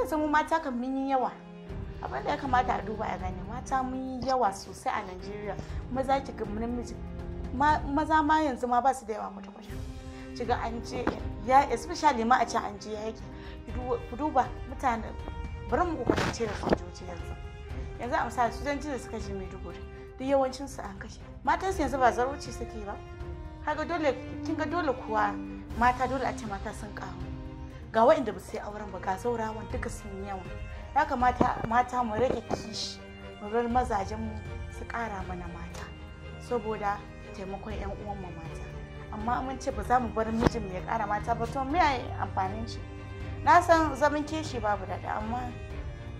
Ina san mu mata kan mun yi yawa abin da ya kamata a duba a gani mata mun yi yawa sosai a Najeriya maza ki ga namiji maza ma yanzu ma ba su da yawa kwata kwata ki ga an je ya especially ma a can an je yaki ku duba mutane bari mu ce da sojoji yanzu yanzu a misali sojoji da suka je Maiduguri duk yawancin su an kashe matan su yanzu ba zaruci suke ba kaga dole kin ga dole kuwa mata dole a ce mata sun kawo ga waɗanda ba su yi auren ba ga zaurawan duka sun yawa ya kamata mata mu rage kishi mu bar mazajen mu su ƙara mana mata saboda taimakon 'yan uwanmu mata amma mun ce ba za mu bar mijin mu ya ƙara mata ba to me amfanin shi na san zaman kishi babu daɗi amma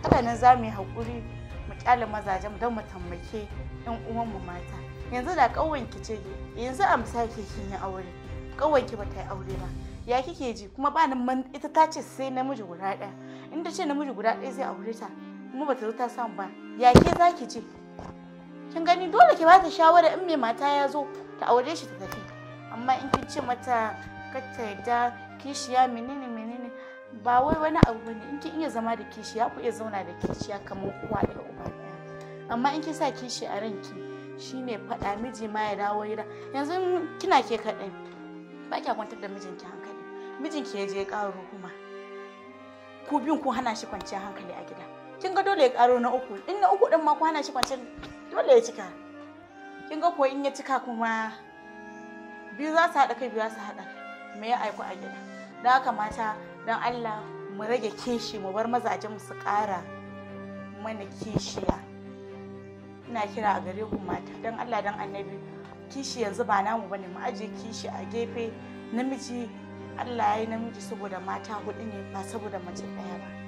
haka nan za mu yi hakuri mu ƙyale mazajen don mu tambake 'yan uwanmu mata yanzu da ƙauwanki ce yanzu amsa ke kin yi aure ƙauwanki ba ta yi aure ba ya kike ji kuma ba nan ita ta ce sai namiji guda ɗaya in ta ce namiji guda ɗaya zai aure ta kuma ba ta zo ta samu ba ya ke za ki ce kin gani dole ki ta shawara in mai mata ya zo ta aure shi ta tafi amma in kin ce mata ta yarda kishiya menene menene ba wai wani abu bane in kin iya zama da kishiya ku iya zauna da kishiya kamar uwa da uba amma in kin sa kishi a ranki shine faɗa miji ma ya dawo gida yanzu kina ke kaɗai ba kya kwantar da mijinki hankali mijinki ya je ya ƙaro kuma ku biyun ku hana shi kwanciyar hankali a gida kin ga dole ya ƙaro na uku in na uku din ma ku hana shi kwanciyar dole ya cika kin ga ko in ya cika kuma biyu za su haɗa kai biyu za su haɗa me ya aiku a gida don haka mata don Allah mu rage kishi mu bar mazajen su ƙara mana kishiya ina kira a gare ku mata don Allah don annabi kishi yanzu ba namu bane mu aje kishi a gefe namiji Allah ya yi namiji saboda mata hudu ne ba saboda mace daya ba